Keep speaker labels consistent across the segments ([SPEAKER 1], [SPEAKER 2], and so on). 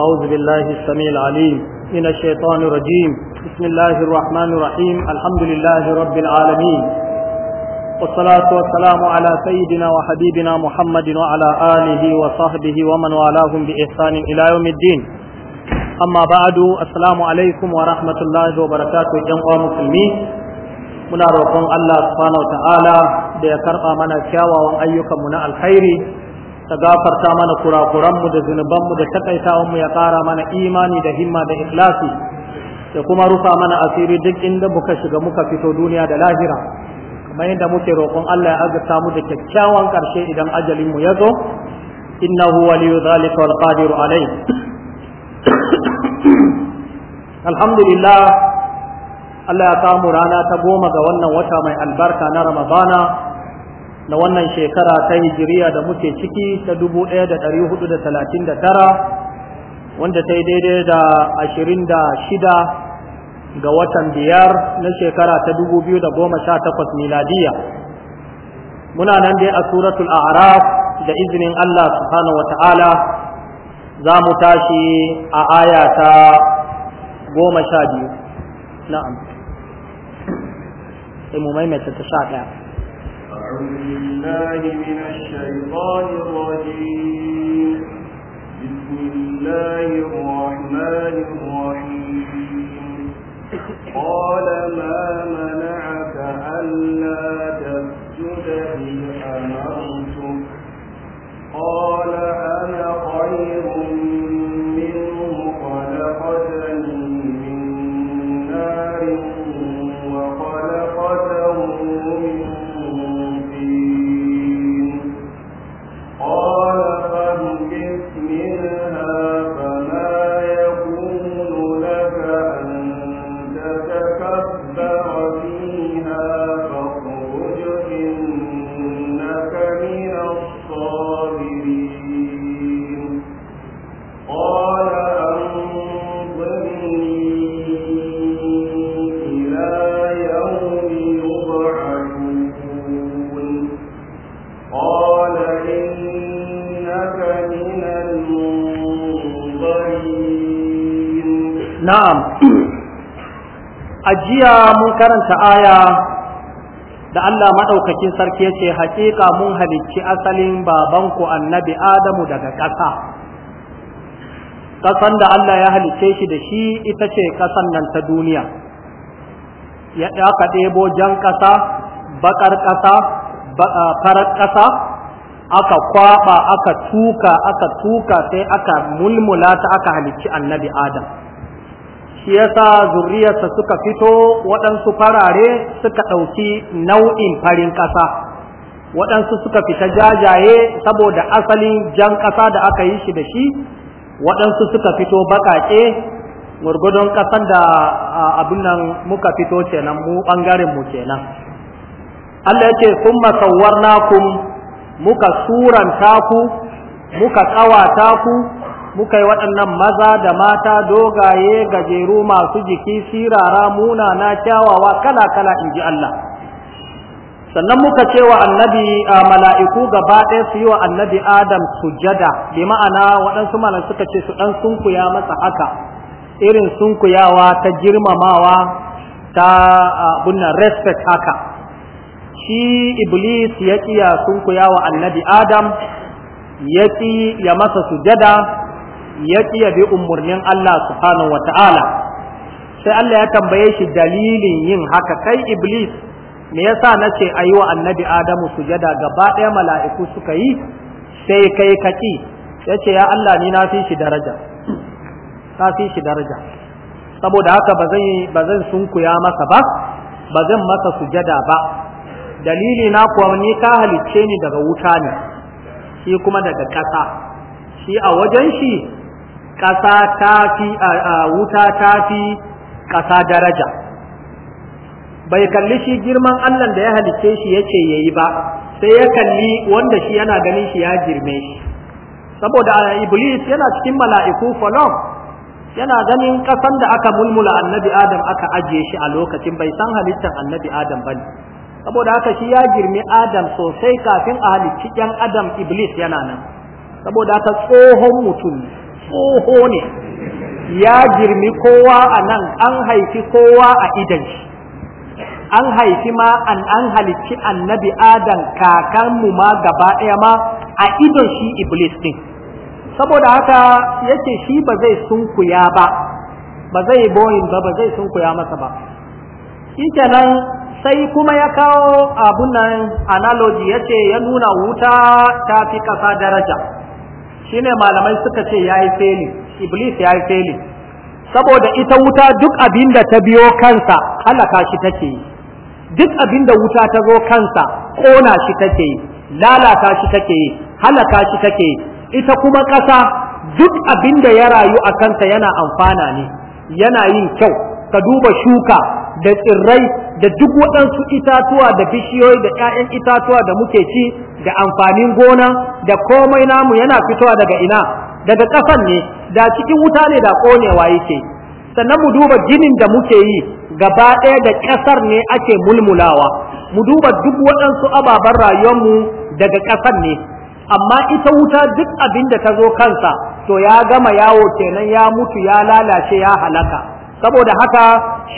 [SPEAKER 1] أعوذ بالله السميع العليم من الشيطان الرجيم بسم الله الرحمن الرحيم الحمد لله رب العالمين والصلاة والسلام على سيدنا وحبيبنا محمد وعلى آله وصحبه ومن والاهم بإحسان إلى يوم الدين أما بعد السلام عليكم ورحمة الله وبركاته جمع مسلمين muna roƙon Allah subhanahu ta'ala da ya karɓa mana kyawawan ayyukanmu na alkhairi ka gafarta mana kurakuranmu da zunubanmu da takaitawanmu ya ƙara mana imani da himma da ikhlasi da kuma rufa mana asiri duk inda muka shiga muka fito duniya da lahira kamar yadda muke roƙon Allah ya azurta mu da kyakkyawan ƙarshe idan ajalinmu ya zo innahu waliyu zalika wal qadiru alai alhamdulillah Allah ya samu rana ta goma ga wannan wata mai albarka na Ramadana na wannan shekara ta hijiriya da muke ciki ta 1439 wanda ta yi daidai da 26 ga watan biyar na shekara ta 2018 miladiya muna nan dai a suratul a'raf da izinin Allah subhanahu wa ta'ala za mu tashi a aya ta goma sha biyu na'am sai mu maimaita ta sha ɗaya
[SPEAKER 2] بالله من الشيطان الرجيم بسم الله الرحمن الرحيم قال ما منعك ألا تسجد إذ أمرتك قال أنا
[SPEAKER 1] karanta aya da Allah maɗaukakin sarki ya ce haƙiƙa mun halicci asalin babanku annabi Adamu daga ƙasa ƙasan da Allah ya halicce shi da shi ita ce ƙasan nan ta duniya ya ɗaka ɗebo jan ƙasa baƙar ƙasa farar ƙasa aka kwaɓa aka tuka aka tuka sai aka mulmula ta aka halicci annabi Adam shi yasa zurriyarsa suka fito waɗansu farare suka ɗauki nau'in farin ƙasa waɗansu suka fita jajaye saboda asalin jan ƙasa da aka yi shi da shi waɗansu suka fito baƙaƙe gwargwadon ƙasan da abin nan muka fito kenan mu ɓangaren mu kenan Allah ya ce kun muka suranta ku muka ƙawata ku muka yi waɗannan maza da mata dogaye gajeru masu jiki sirara na kyawawa kala-kala in ji Allah sannan muka ce wa annabi a mala'iku gaba ɗaya su yi wa annabi adam sujada bi ma'ana waɗansu malam suka ce su ɗan sunkuya masa haka irin sunkuyawa ta girmamawa ta abunna respect haka shi iblis ya ƙiya sunkuya wa annabi adam ya ƙi ya masa sujada ya ƙiya bi umarnin Allah subhanahu wa ta'ala sai Allah ya tambaye shi dalilin yin haka kai iblis me yasa nace ayi wa annabi adamu sujada gaba ɗaya mala'iku suka yi sai kai kaki yace ya Allah ni na fi shi daraja na fi shi daraja saboda haka ba zan sunkuya masa ba ba zan masa sujada ba dalili na kuwa ni ka halicce ni daga wuta ne shi kuma daga ƙasa shi a wajen shi ƙasa ta fi wuta ta fi ƙasa daraja bai kalli shi girman Allah da ya halicce shi ya yayi ba sai ya kalli wanda shi yana ganin shi ya girme shi saboda iblis yana cikin mala'iku falon yana ganin ƙasan da aka mulmula annabi adam aka ajiye shi a lokacin bai san halittar annabi adam bane saboda haka shi ya girme adam sosai kafin a halicci yan adam iblis yana nan saboda haka tsohon mutum tsoho ne ya girmi kowa a nan an haifi kowa a idan shi an haifi ma an an halicci annabi adam kakanmu ma gaba ɗaya ma a idon shi iblis ɗin, saboda haka yake shi ba zai sunkuya ba ba zai boyin ba ba zai sunkuya masa ba shi kenan sai kuma ya kawo abun nan analogy ya ce ya nuna wuta ta fi ƙasa daraja ne malamai suka ce ya yi feli iblis ya yi feli saboda ita wuta duk abin da ta biyo kansa halaka shi take yi duk abin da wuta ta zo kansa kona shi take yi lalata shi take yi halaka shi take yi ita kuma ƙasa duk abin da ya rayu a kanta yana amfana ne yana yin kyau ka duba shuka da tsirrai da duk waɗansu itatuwa da bishiyoyi da 'ya'yan itatuwa da muke ci da amfanin gona da komai namu yana fitowa daga ina daga ƙasan ne da cikin wuta ne da ƙonewa yake sannan mu duba ginin da muke yi gaba ɗaya da ƙasar ne ake mulmulawa mu duba duk waɗansu ababen mu daga ƙasan ne amma ita wuta duk abin da ta zo kansa to ya gama yawo kenan ya mutu ya lalace ya halaka saboda haka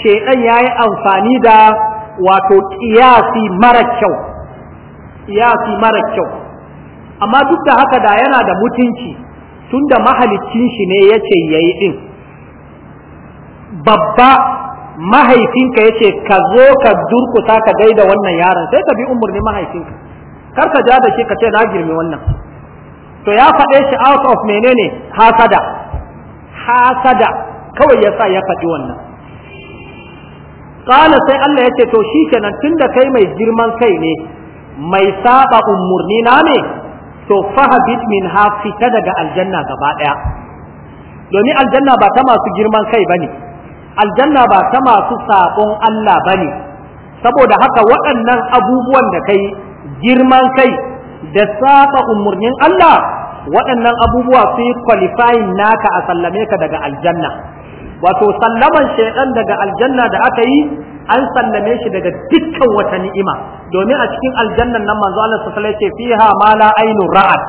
[SPEAKER 1] shaidan ya yi amfani da wato kiyasi mara kyau kiyasi mara kyau amma duk da haka da yana da mutunci tun da mahalicin shi ne ya ce ya yi ɗin babba mahaifinka ya ce ka zo ka durkusa ka gaida wannan yaron sai ka bi umarnin mahaifinka kar ka ja da shi ka ce na girmi wannan to ya faɗe shi out of menene hasada hasada kawai ya sa ya faɗi wannan Ƙala sai Allah ya ce to shi tun da kai mai girman kai ne mai saba umurni na ne to fahabit min ha fita daga aljanna gaba ɗaya. domin aljanna ba ta masu girman kai ba ne, aljanna ba ta masu sabon Allah ba ne. saboda haka waɗannan abubuwan da kai girman kai da saba umurnin Allah waɗannan abubuwa su yi qualifying naka a sallame ka daga aljanna wato sallaman shaidan daga aljanna da aka yi an sallame shi daga dukkan wata ni'ima domin a cikin aljannan nan manzo Allah sallallahu alaihi wasallam fiha ma la ainu ra'at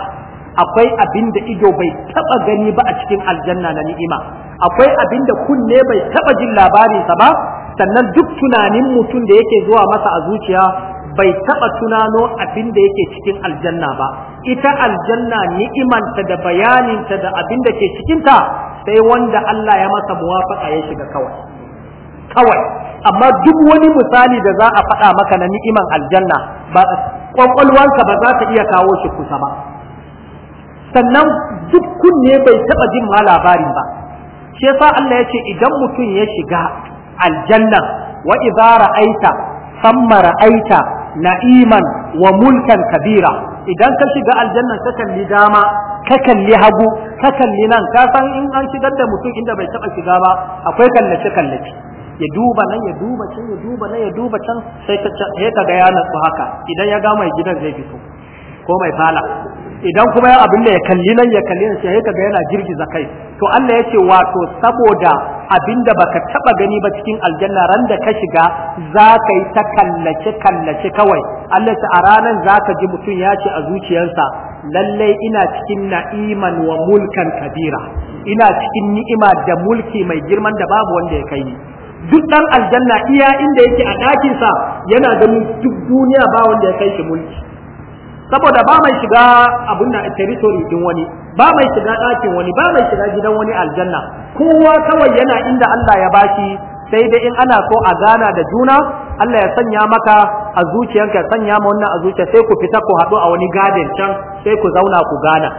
[SPEAKER 1] akwai abin da ido bai taba gani ba a cikin aljanna na ni'ima akwai abin da kunne bai taba jin labarinsa ba sannan duk tunanin mutum da yake zuwa masa a zuciya bai taba tunano abin da yake cikin aljanna ba ita aljanna ni'imanta da bayaninta da abin da ke cikinta sai wanda Allah ya masa muwafaka ya shiga kawai kawai amma duk wani misali da za a faɗa maka na ni'iman aljanna ba kwakwalwanka ba za ta iya kawo shi kusa ba sannan duk kunne bai taɓa jin ma labarin ba shi yasa Allah ya ce idan mutum ya shiga aljanna wa idza ra'aita samma ra'aita na'iman wa mulkan kabira idan ka shiga aljanna ka kalli dama ka kalli hagu ka kalli nan ka san in an shigar da mutum inda bai taba shiga ba akwai kallace kallace ya duba nan ya duba can ya duba nan ya duba can sai ta sai ka ga yana su haka idan ya ga mai gidan zai fito ko mai fala idan kuma ya abin da ya kalli nan ya kalli nan sai ka ga yana girgiza kai to Allah yake wato saboda abinda baka taba gani ba cikin aljanna ran da ka shiga za ka yi ta kallace kallace kawai Allah ta a ranar za ka ji mutum ya ce a zuciyarsa lallai ina cikin na'iman wa mulkan kabira ina cikin ni'ima da mulki mai girman da babu wanda ya kai ni duk dan aljanna iya inda yake a ɗakinsa yana ganin duk duniya ba wanda ya kai shi mulki saboda ba mai shiga abun da territory din wani ba mai shiga ɗakin wani ba mai shiga gidan wani aljanna kowa kawai yana inda Allah ya bashi sai dai in ana so a gana da juna Allah ya sanya maka a zuciyanka ya sanya ma wannan a zuciya sai ku fita ku haɗu a wani gadin can sai ku zauna ku gana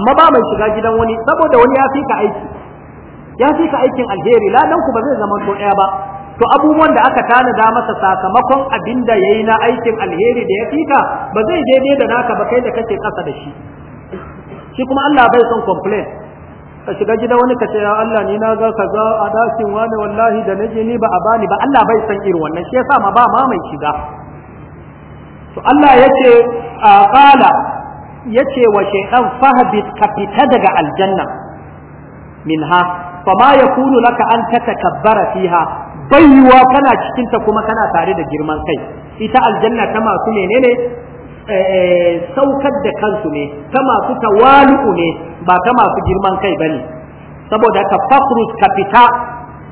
[SPEAKER 1] amma ba mai shiga gidan wani saboda wani ya fi ka aiki ya fi ka aikin alheri ladan ku ba zai zama to ɗaya ba to abubuwan da aka tanada masa sakamakon abin da yayi na aikin alheri da ya fika ba zai je daidai da naka ba kai da kake ƙasa da shi shi kuma Allah bai son complain ka shiga gida wani ka ce ya Allah ni na ga kaza a dakin wani wallahi da naje ni ba a bani ba Allah bai son irin wannan shi yasa ma ba ma mai shiga to Allah yace a qala yace wa shaytan fahbit ka fita daga aljanna minha fama yakunu laka an takabbara fiha baiwa kana cikinta kuma kana tare da girman kai ita aljanna ta masu menene Eh, saukar da kansu ne ta masu tawali'u ne ba ta masu girman kai ba ne, saboda ka ka fita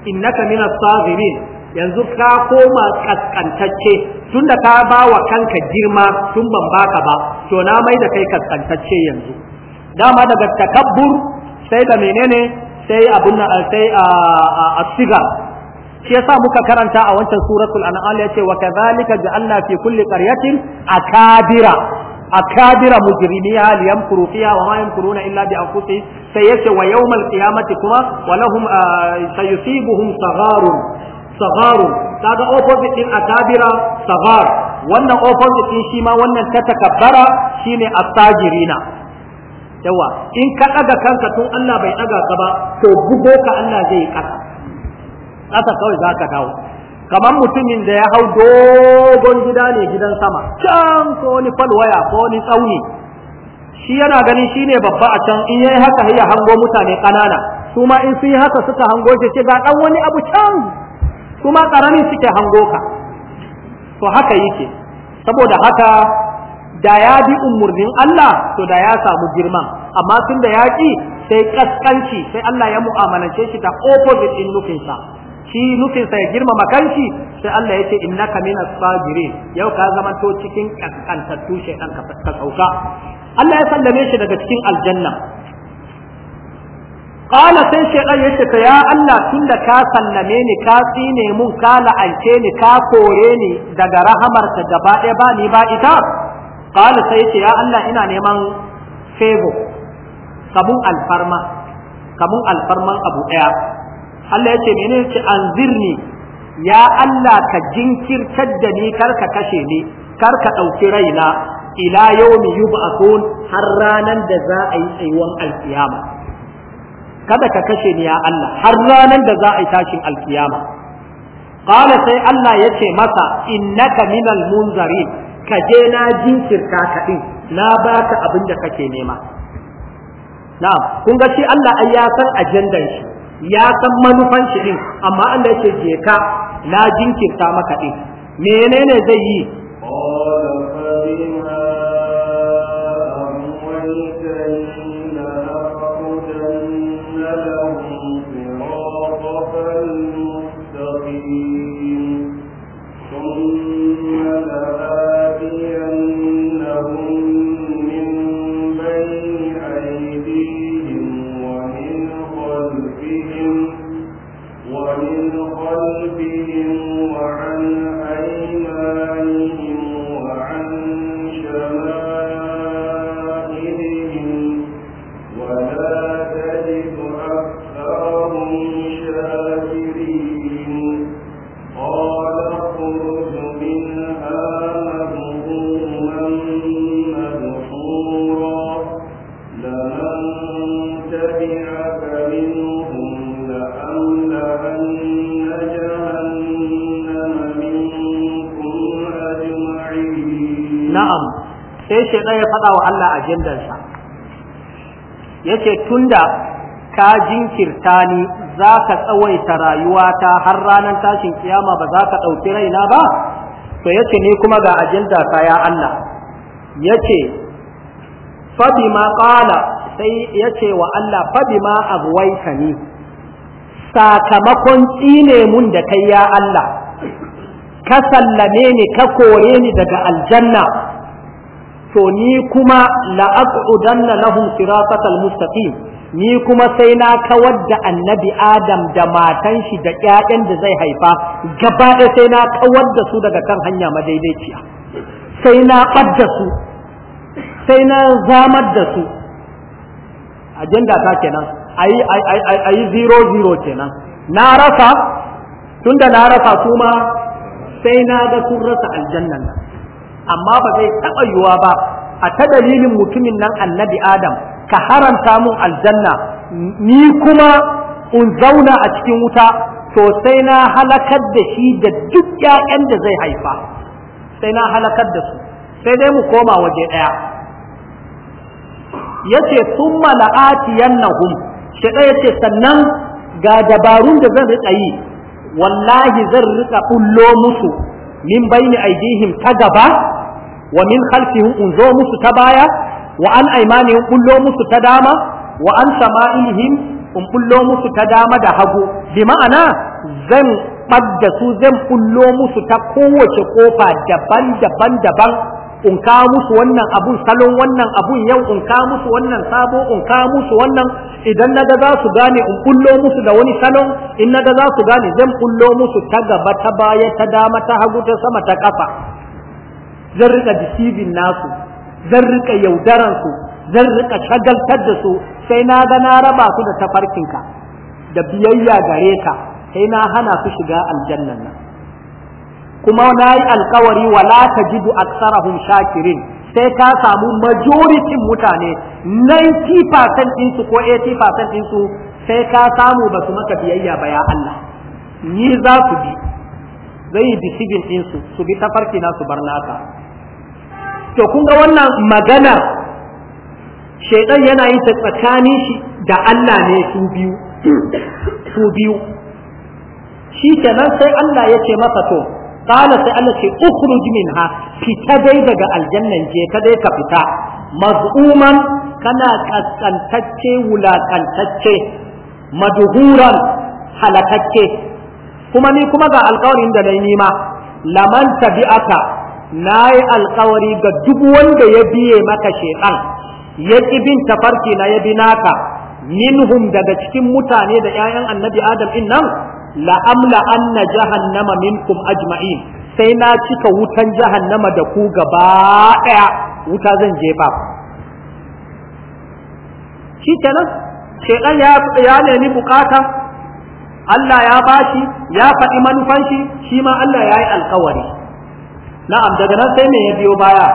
[SPEAKER 1] innaka minas sazirin, yanzu ka koma kaskantacce tunda ka ba wa kanka girma tun ban baka ba to na mai da kai kaskantacce yanzu dama daga takabbur sai da menene sai abun sai a ah, a ah, siga shi yasa muka karanta a wancan suratul an'am yace wa kadhalika ja'alna fi kulli qaryatin akabira akabira mujrimiha liyamkuru fiha wa ma yamkuruna illa bi anfusihim sai yace wa yawmal qiyamati kuma wa lahum sayusibuhum sagharun sagharun kaga opposite din akabira saghar wannan opposite din shi ma wannan ta takabbara shine astajirina yawa in ka daga kanka tun Allah bai daga ka ba to bugo ka Allah zai yi kasa ƙasa kawai za ka dawo kamar mutumin da ya hau dogon gida ne gidan sama can ko wani falwaya ko wani tsauni shi yana gani shi ne babba a can in yayi haka ya hango mutane ƙanana su ma in sun yi haka suka hango shi ce ga ɗan wani abu can su ma ƙaramin suke hango ka to haka yake saboda haka da ya bi umarnin Allah to da ya samu girman amma tun da ya ƙi sai ƙasƙanci sai Allah ya mu'amalance shi da opposite in nufinsa shi nufin sa ya girmama kanshi sai Allah ya ce innaka min as-sabirin yau ka zamanto cikin kaskantattu shaytan ka ka sauka Allah ya sallame shi daga cikin aljanna qala sai shaytan ya ce ka ya Allah tunda ka sallame ni ka tsine mun ka la'ance ni ka kore ni daga rahamarka gaba ɗaya ba ni ba ita qala sai ya ce ya Allah ina neman favor kamun alfarma kamun alfarman abu ɗaya Allah ya ce mene ce anzirni ya Allah ka jinkirtar da ni kar ka kashe ni kar ka ɗauki raina ila yawmi yub'athun har ranar da za a yi tsayuwan alkiyama kada ka kashe ni ya Allah har ranar da za a yi tashin alkiyama qala sai Allah ya ce masa innaka minal munzarin ka je na jinkirta ka ɗin na baka abin da kake nema na'am kun ga shi Allah ai ya san ajandar shi ya san manufan shi din amma Allah ya ce je na jinkirta maka din menene zai yi ajandarsa yace tunda ka jinkirta ni za ka tsawaita rayuwata har ranar tashin kiyama ba za ka ɗauki raina ba to yace ni kuma ga ajanda ya Allah yace ma ƙala, sai yace wa Allah ka ni, sakamakon tsine mun da kai ya Allah ka sallame ni ka kore ni daga aljanna to ni kuma la'aqudanna lahum siratal mustaqim ni kuma sai na kawar da annabi adam da matan shi da ƴaƴan da zai haifa gaba ɗaya sai na kawar da su daga kan hanya madaidaiciya sai na ɓadda su sai na zamar da su ajanda ta kenan ayi ayi zero zero kenan na rasa tunda na rasa kuma sai na ga sun rasa aljannan nan amma ba zai taɓa yiwuwa ba a ta dalilin mutumin nan annabi adam ka haramta mun aljanna ni kuma in zauna a cikin wuta to sai na halakar da shi da duk ƴaƴan da zai haifa sai na halakar da su sai dai mu koma waje ɗaya yace thumma la'atiyannahum shi ɗaya yace sannan ga dabarun da zan riƙa yi wallahi zan riƙa kullo musu min bayni aidihim ta gaba wa min khalfihim unzo musu ta baya wa an aymanihim kullo musu ta dama wa an sama'ilihim in kullo musu ta dama da hagu bi ma'ana zan ɓadda su zan kullo musu ta kowace kofa daban-daban daban in ka musu wannan abun salon wannan abun yau in ka musu wannan sabo in ka musu wannan idan na za su gane in kullo musu da wani salon in na za su gane zan kullo musu ta gaba ta baya ta dama ta hagu ta sama ta kafa zan rika deceiving nasu zan rika yaudaran su zan rika shagaltar da su sai na ga na raba su da tafarkinka da biyayya gare ka sai na hana su shiga aljannan nan kuma na yi alkawari wala tajidu aksarahum shakirin sai ka samu majoritin mutane 90% ɗinsu ko 80% ɗinsu sai ka samu ba su maka biyayya ba ya Allah ni za su bi zai yi disibin su su bi tafarki na su bar naka to kun ga wannan magana shaidan yana yin ta tsakanin shi da Allah ne su biyu su biyu shi kenan sai Allah ya ce masa to qala sai Allah ce ukhruj minha fita dai daga aljannan je ka dai ka fita maz'uman kana kaskantacce wulakantacce madhuran halakacce kuma ni kuma ga alƙawarin da nayi nima laman tabi'aka na yi alkawari ga duk wanda ya biye maka shekan ya ƙi bin tafarki na ya bi naka minhum daga cikin mutane da 'ya'yan annabi adam in nan la'amla anna jahannama minkum ajma'in sai na cika wutan jahannama da ku gaba ɗaya wuta zan jefa shi kenan shekan ya nemi bukata Allah ya bashi ya faɗi manufanshi shi ma Allah ya yi alkawari na'am daga nan sai me ya biyo baya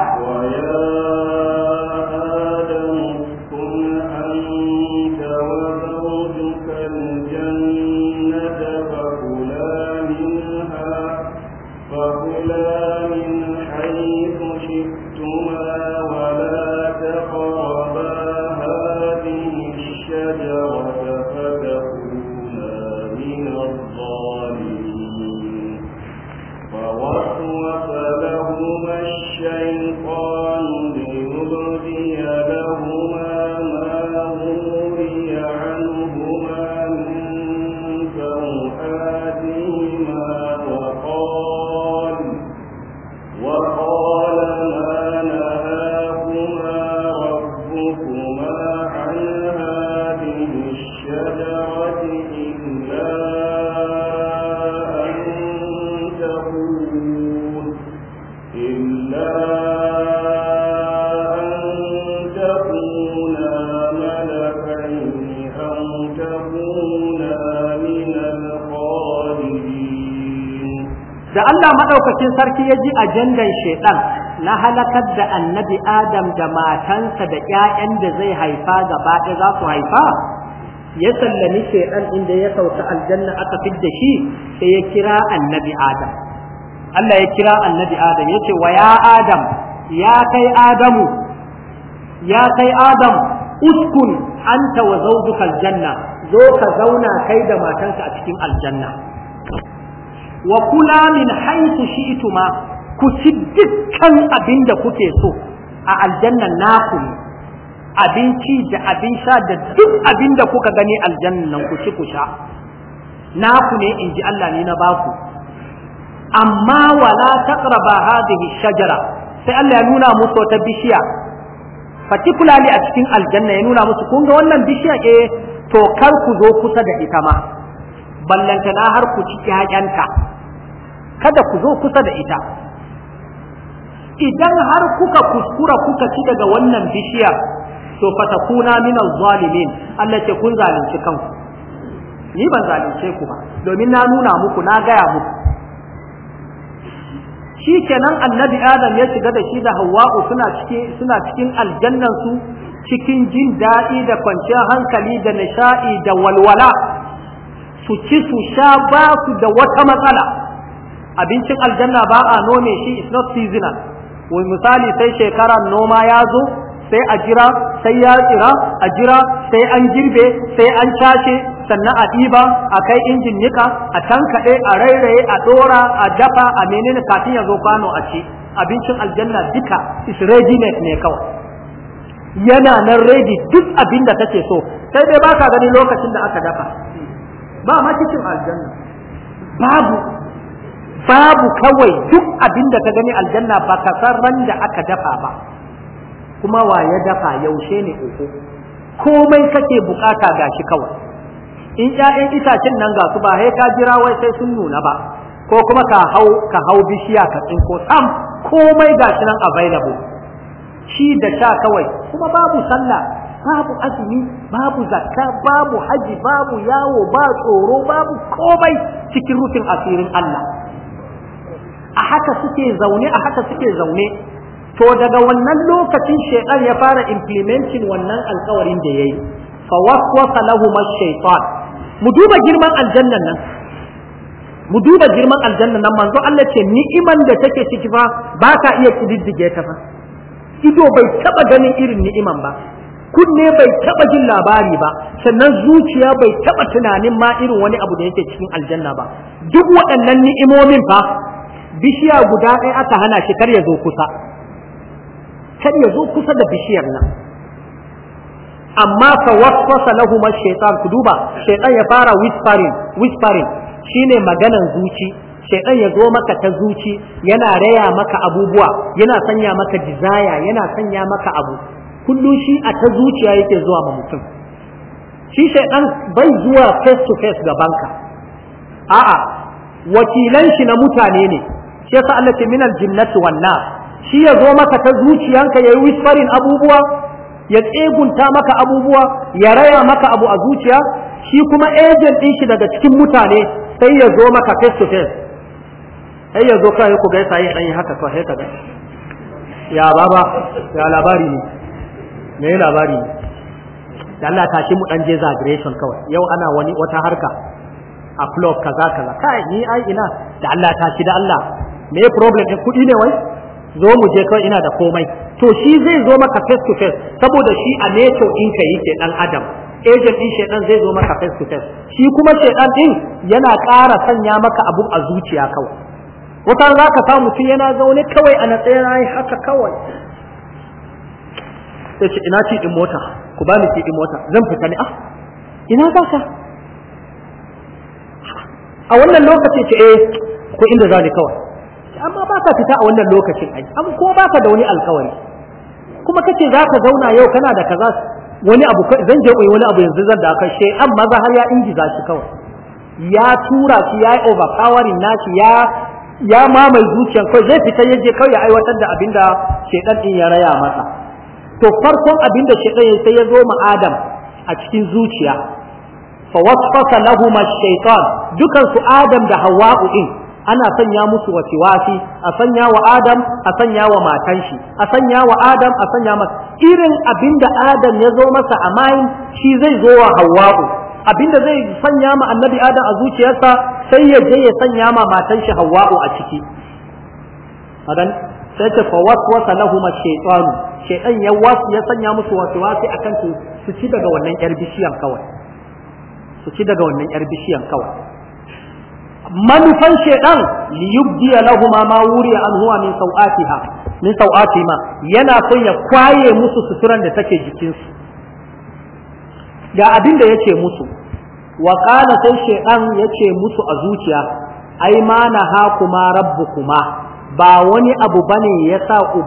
[SPEAKER 1] Lokacin sarki ya ji ajandan shaiɗan na halakar da annabi Adam da matansa da ƴaƴan da zai haifa gaba ɗaya za su haifa, ya sallami shaiɗan inda ya sauka aljanna aka fidda shi sai ya kira annabi Adam. Allah ya kira annabi Adam ya ce wa ya Adam, ya kai Adamu, ya kai Adam, uskun anta wa zaujukal aljanna, zo ka zauna kai da matanka a cikin aljanna. wa kula min haythu shi'tuma ku ci dukkan abin da kuke so a aljanna naku abinci da abin sha da duk abin da kuka gani aljanna nan ku ci ku sha naku ne in ji Allah ne na baku amma wala taqraba hadhihi shajara sai Allah ya nuna musu wata bishiya particularly a cikin aljanna ya nuna musu kun ga wannan bishiya eh to kar ku zo kusa da ita ma ballantana har ku ci ƴaƴanta kada ku zo kusa da ita idan har kuka kuskura kuka ci daga wannan bishiya to fatakuna min al-zalimin Allah ce kun zalunci kanku ni ban zalunce ku ba domin na nuna muku na gaya muku shi kenan annabi adam ya shiga da shi da hawa'u suna cikin suna cikin aljannan su cikin jin daɗi da kwanciyar hankali da nishaɗi da walwala su ci su sha ba su da wata matsala abincin aljanna ba a nome shi is not seasonal wai misali sai shekaran noma ya zo sai a jira sai ya tsira a jira sai an girbe sai an cashe sannan a ɗiba a kai injin nika a tankaɗe a rairaye a ɗora a dafa a menene kafin ya zo kwano a ci abincin aljanna duka is readiness ne kawai yana nan ready duk abin da kake so sai dai ba ka gani lokacin da aka dafa ba ma kicin aljanna babu babu kawai duk abin da ka gani aljanna ba ka san ran da aka dafa ba kuma wa ya dafa yaushe ne uku komai kake bukata gashi kawai in 'ya'yan itacen nan ga su ba sai ka jira wai sai sun nuna ba ko kuma ka hau ka hau bishiya ka tsinko sam komai gashi nan available shi da sha kawai kuma babu sallah babu azumi babu zakka babu haji babu yawo ba tsoro babu komai cikin rufin asirin Allah a haka suke zaune a haka suke zaune to daga wannan lokacin shaitan ya fara implementing wannan alkawarin da yayi yi. waswasa lahum mu duba girman aljannan nan mu duba girman aljannan nan manzo Allah ce ni'iman da take ciki fa ba ka iya kididdige ta fa ido bai taba ganin irin ni'iman ba kunne bai taba jin labari ba sannan zuciya bai taba tunanin ma irin wani abu da yake cikin aljanna ba duk waɗannan ni'imomin fa bishiya guda ɗaya aka hana shi kar ya zo kusa kar ya zo kusa da bishiyar nan amma fa waswasa lahum ash-shaytan ku duba shaytan ya fara whispering whispering shine maganan zuci shaytan ya zo maka ta zuci yana raya maka abubuwa yana sanya maka jizaya yana sanya maka abu kullum shi a ta zuciya yake zuwa ma mutum shi shaytan bai zuwa face to face ga gabanka a'a wakilan shi na mutane ne shi yasa Allah ce minal jinnati wan nas shi ya zo maka ta zuciyanka yayi whisperin abubuwa ya tsegunta maka abubuwa ya raya maka abu a zuciya shi kuma agent din shi daga cikin mutane sai ya zo maka face to face sai ya zo kai ku gaisa yi dan yi haka to sai ka ga ya baba ya labari ne me labari ne da Allah ta tashi mu dan je zagration kawai yau ana wani wata harka a club kaza kaza kai ni ai ina da Allah ta tashi da Allah me problem din kuɗi ne wai zo mu je kawai ina da komai to shi zai zo maka face to face saboda shi a neto ɗinka yake ɗan adam agent din shaidan zai zo maka face to face shi kuma shaidan din yana ƙara sanya maka abu a zuciya kawai wata za ka samu mutum yana zaune kawai a natsaye na yi haka kawai sai ce ina ci din mota ku ba ni ci din mota zan fita ne ah ina za ka a wannan lokacin ce eh ko inda za ni kawai amma ba ka fita a wannan lokacin ai an ko ba ka da wani alƙawari kuma kace za ka zauna yau kana da kaza wani abu zan je koyi wani abu yanzu zan da aka she amma za har ya ingiza shi kawai ya tura shi ya yi overpowering nashi ya ya mamaye zuciya kai zai fita yaje kawai ya aiwatar da abinda shedan din ya raya masa to farkon abinda shedan ya sai ya zo ma Adam a cikin zuciya fa wasfasa lahum ash-shaytan dukan su Adam da hawa'u din ana sanya musu wa tiwafi a sanya wa adam a sanya wa matan shi a sanya wa adam a sanya masa irin abinda adam ya zo masa a mayin shi zai zo wa hawa'u abinda zai sanya ma annabi adam a zuciyarsa sai ya je ya sanya ma matan shi hawa'u a ciki sai ta fawaswasa lahum ash-shaytan shaytan ya wasu ya sanya musu tiwafi akan su su ci daga wannan yar bishiyan kawai su ci daga wannan yar bishiyan kawai manufan shaidan li yubdiya lahuma ma wuri an huwa min sau'atiha min sau'atima yana son ya kwaye musu suturan da take jikinsu ga abin da yace musu wa qala sai yace musu a zuciya ai ma ha kuma rabbukuma ba wani abu bane ya sa ku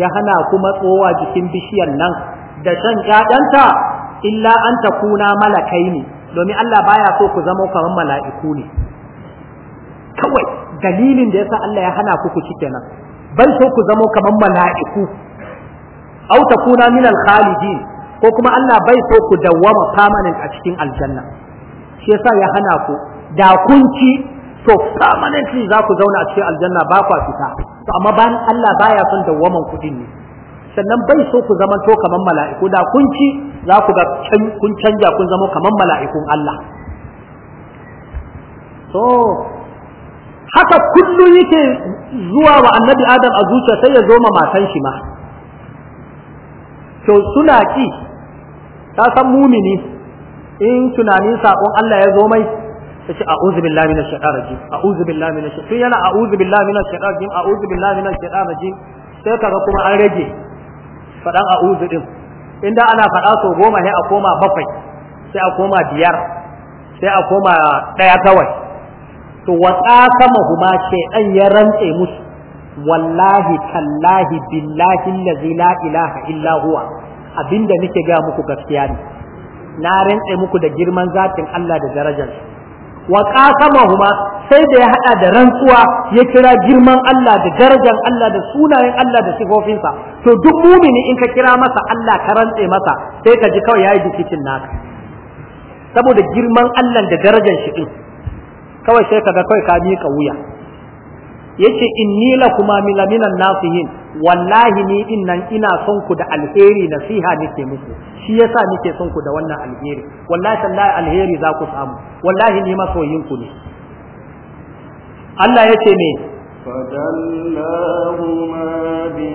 [SPEAKER 1] ya hana ku matsowa jikin bishiyar nan da shan ƴaƴanta illa an takuna malakai ne domin Allah baya so ku zama kamar mala'iku ne kawai dalilin da yasa Allah ya hana ku ku kenan bai so ku zama kamar mala'iku aw takuna min al-khalidin ko kuma Allah bai so ku dawwama permanent a cikin aljanna shi yasa ya hana ku da kun ci to permanently za ku zauna a cikin aljanna ba ku fita to amma bayan Allah baya son dawwaman din ne sannan bai so ku zama to kaman mala'iku da kun ci za ku ga kun canja kun zama kaman mala'ikun Allah so haka kullum yake zuwa wa annabi adam a zuciya sai ya zo ma matan shi ma to suna ki ta san mumini in tunanin sakon Allah ya zo mai tace a'udhu billahi minash shaitanir rajim a'udhu billahi minash shaitanir yana a'udhu billahi minash shaitanir rajim a'udhu billahi minash shaitanir rajim sai kaga kuma an rage fadan a'udhu din inda ana fada so goma sai a koma bakwai sai a koma biyar sai a koma daya kawai to wa sama huma ɗan ya rantse musu wallahi tallahi billahi allazi la ilaha huwa abinda nake ga muku gaskiya ne na rantse muku da girman zatin Allah da darajar wa huma sai da ya haɗa da rantsuwa ya kira girman Allah da darajar Allah da sunayen Allah da sifofinsa to duk mumini in ka kira masa Allah ka rantse masa sai ka ji kawai yayi dikitin naka saboda girman Allah da darajar shi din kawai sai kaga kawai ka miƙa wuya yace inni la kuma milaminan nasihin wallahi ni din nan ina son ku da alheri nasiha nake muku shi yasa nake son ku da wannan alheri wallahi tallahi alheri za ku samu wallahi ni masoyin ku ne Allah yace ne
[SPEAKER 2] fadallahuma bi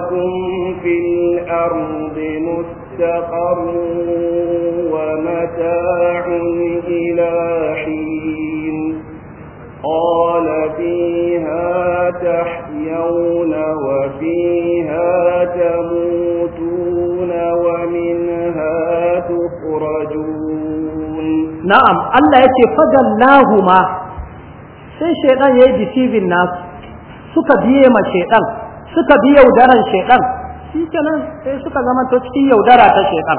[SPEAKER 2] لكم في الأرض مستقر ومتاع إلى حين قال فيها تحيون وفيها تموتون ومنها تخرجون
[SPEAKER 1] نعم الله يتفضل ما sai shaidan ya yi deceiving nasu suka biye ma shaidan suka bi yaudaran shekan shi kenan sai suka zama to cikin yaudara ta shekan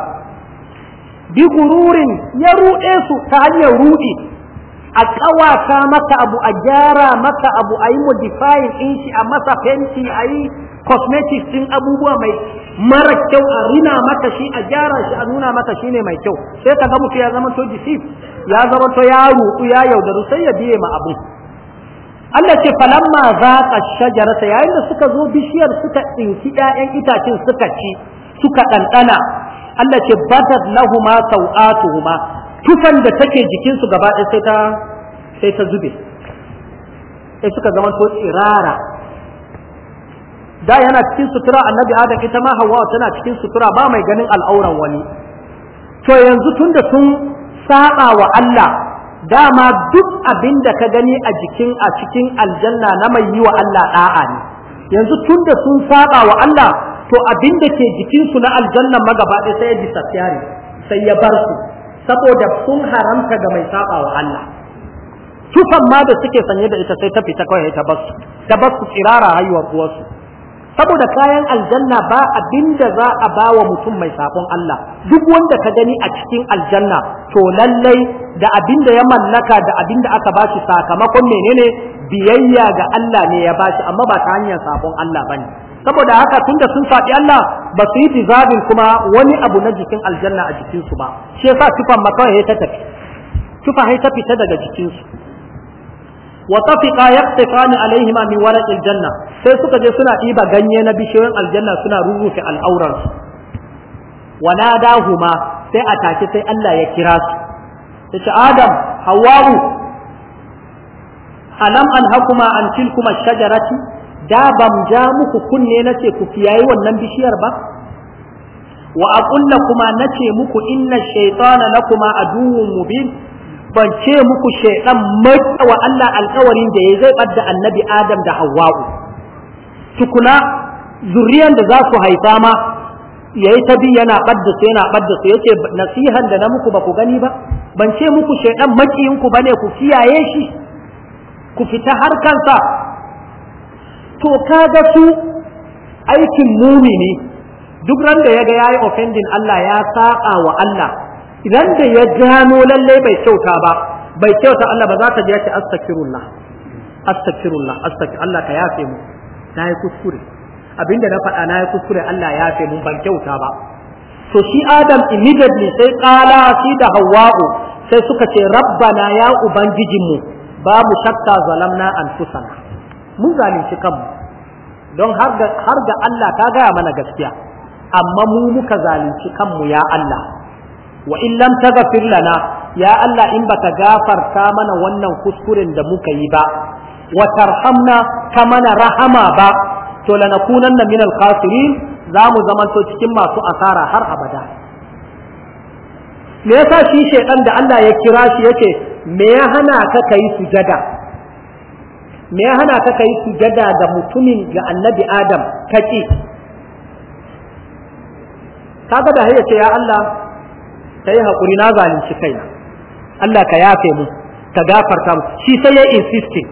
[SPEAKER 1] bi gururin ya ruɗe su ta hanyar ruɗi a ƙawata mata abu a gyara mata abu a yi modifying ɗin shi a masa fenti a yi cosmetic ɗin abubuwa mai mara kyau a rina maka shi a gyara shi a nuna maka shi ne mai kyau sai ka ga mutu ya zama to ya zama to ya ruɗu ya yaudaru sai ya biye ma abu Allah ce falamma za ka shajarata yayin da suka zo bishiyar suka tsinki ɗayan itacen suka ci suka ɗanɗana Allah ce badat lahuma sau'atuhuma tufan da take jikinsu gaba ɗaya sai ta zube sai suka zama to tsirara da yana cikin sutura annabi adam ita ma hawa tana cikin sutura ba mai ganin al'auran wani to yanzu tunda sun saba wa Allah dama duk abin da ka gani a jikin a cikin aljanna na mai yi wa Allah da'a ne yanzu tun da sun saba wa Allah to abin da ke jikin su na aljanna magaba ɗaya sai ya ji tsari sai ya bar su saboda sun haramta ga mai saba wa Allah tufan ma da suke sanye da ita sai ta fita kawai ta basu ta basu tsirara haihuwar uwarsu saboda kayan aljanna ba abinda za a ba wa mutum mai sakon Allah duk wanda ka gani a cikin aljanna to lallai da abinda ya mallaka da abinda aka ba shi sakamakon menene biyayya ga Allah ne ya ba shi, amma ba ta hanyar sakon Allah bane saboda haka tunda sun faɗi Allah ba su yi tizabin kuma wani abu na jikin aljanna a jikinsu ba shi yasa tufan makawai ya ta tafi tufa ya ta fita daga jikinsu wa tafiqa yaqtifani alaihima min waraqil janna sai suka je suna ɗiba ganye na bishiyoyin aljanna suna rurrufe al'auran su wa sai a take sai Allah ya kira su yace Adam Hawwa'u alam anhakuma an tilkuma shajarati da ban ja muku kunne nace ku kiyaye wannan bishiyar ba wa aqulla kuma nace muku inna shaytana lakuma aduwwun mubin ban ce muku shaidan mai wa Allah alkawarin da ya zai ɓadda annabi Adam da Hawwa'u tukuna zuriyan da za su haifa ma ya yi ta yana ɓadda su yana ɓadda su ce nasihan da na muku ba ku gani ba ban ce muku shaidan makiyinku ba ne ku kiyaye shi ku fita harkansa to kaga su aikin mumini duk ran da ya ga yayi offending Allah ya saƙa wa Allah idan da ya gano lalle bai kyauta ba bai kyauta Allah ba za ta ji ya ce astaghfirullah astaghfirullah astaghfir Allah ka yafe mu na yi kuskure abinda na faɗa na yi kuskure Allah ya yafe mu ban kyauta ba to shi Adam immediately sai kala shi da Hawwa'u sai suka ce rabbana ya ubangijinmu babu shakka zalamna anfusana mun zalunci kanmu don har ga Allah ka gaya mana gaskiya amma mu muka zalunci kanmu ya Allah wa in lam taghfir lana ya Allah in baka gafarta mana wannan kuskuren da muka yi ba wa tarhamna ka mana rahama ba to lanakunanna min al-khasirin za mu zamanto cikin masu asara har abada me yasa shi shaidan da Allah ya kira shi yake me ya hana ka kai sujada me ya hana ka kai sujada da mutumin ga annabi Adam kake kaga da hayyace ya Allah yi hakuri na zalunci kaina Allah ka yafe mu ka gafarta mu shi sai ya insisting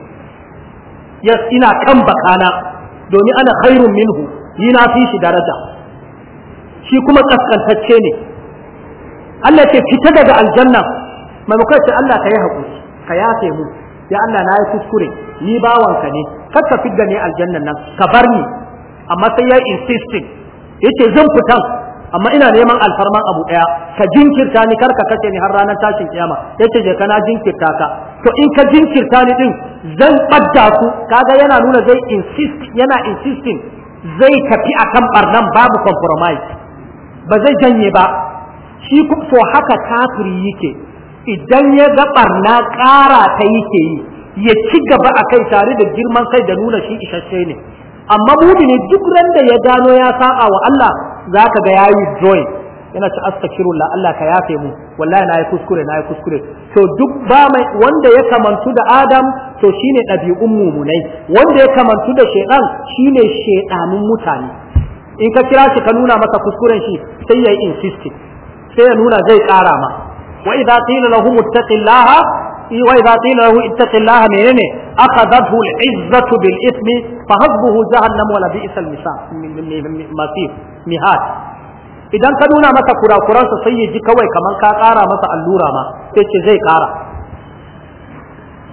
[SPEAKER 1] Ya ina kan bakana domin ana khairun minhu ni na fi shi daraja shi kuma kaskantacce ne Allah ce fita daga aljanna maimakon ce Allah ka yi hakuri ka yafe mu ya Allah na yi kuskure ni bawanka ne kar ka fidda ni aljannan nan ka bar ni amma sai ya insisting yace zan fitan amma ina neman alfarman abu ɗaya, ka jinkirta ni karka kace ni har ranar tashin kiyama yace je kana jinkirta ka to in ka jinkirta ni din zan badda ku kaga yana nuna zai insist yana insisting zai tafi akan barnan babu compromise ba zai janye ba shi so haka kafiri yake idan ya ga barna ƙara ta yake yi ya ci gaba a kai tare da girman kai da nuna shi isasshe ne amma mumini duk randa ya gano ya saba wa Allah zaka ga yayi joy yana ta astaghfirullah Allah ka yafe mu wallahi na yi kuskure na yi kuskure to duk ba mai wanda ya kamantu da Adam to shine ɗabi'un mumunai wanda ya kamantu da shedan shine shedanun mutane in ka kira shi ka nuna masa kuskuren shi sai ya yi insist sai ya nuna zai ƙara ma wa idza qila lahum ittaqillaha وإذا قيل له اتق الله منين أخذته العزة بالإثم فحسبه جهنم ولبئس المصير مهاد idan ka nuna masa kurakuransa sai ya ji kawai kamar ka ƙara masa allura ma sai ce zai ƙara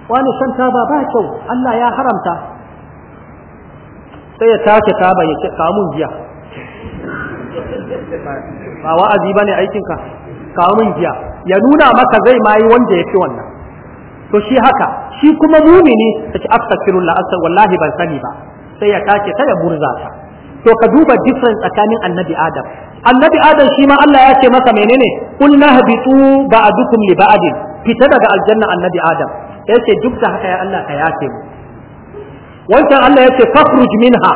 [SPEAKER 1] wani shan taba ba kyau Allah ya haramta sai ya tashi taba ya ce kamun jiya
[SPEAKER 3] ba wa'azi bane
[SPEAKER 1] aikinka kamun jiya ya nuna maka zai ma yi wanda ya fi wannan to shi haka shi kuma mumini ta ce astaghfirullah astan wallahi ban sani ba sai ya tace ta ya burza ta to ka duba difference tsakanin annabi adam annabi adam shi ma Allah ya ce masa menene qul nahbitu ba'dukum li ba'din fita daga aljanna annabi adam yace duk da haka ya Allah ka yace mu wancan Allah yace fakhruj minha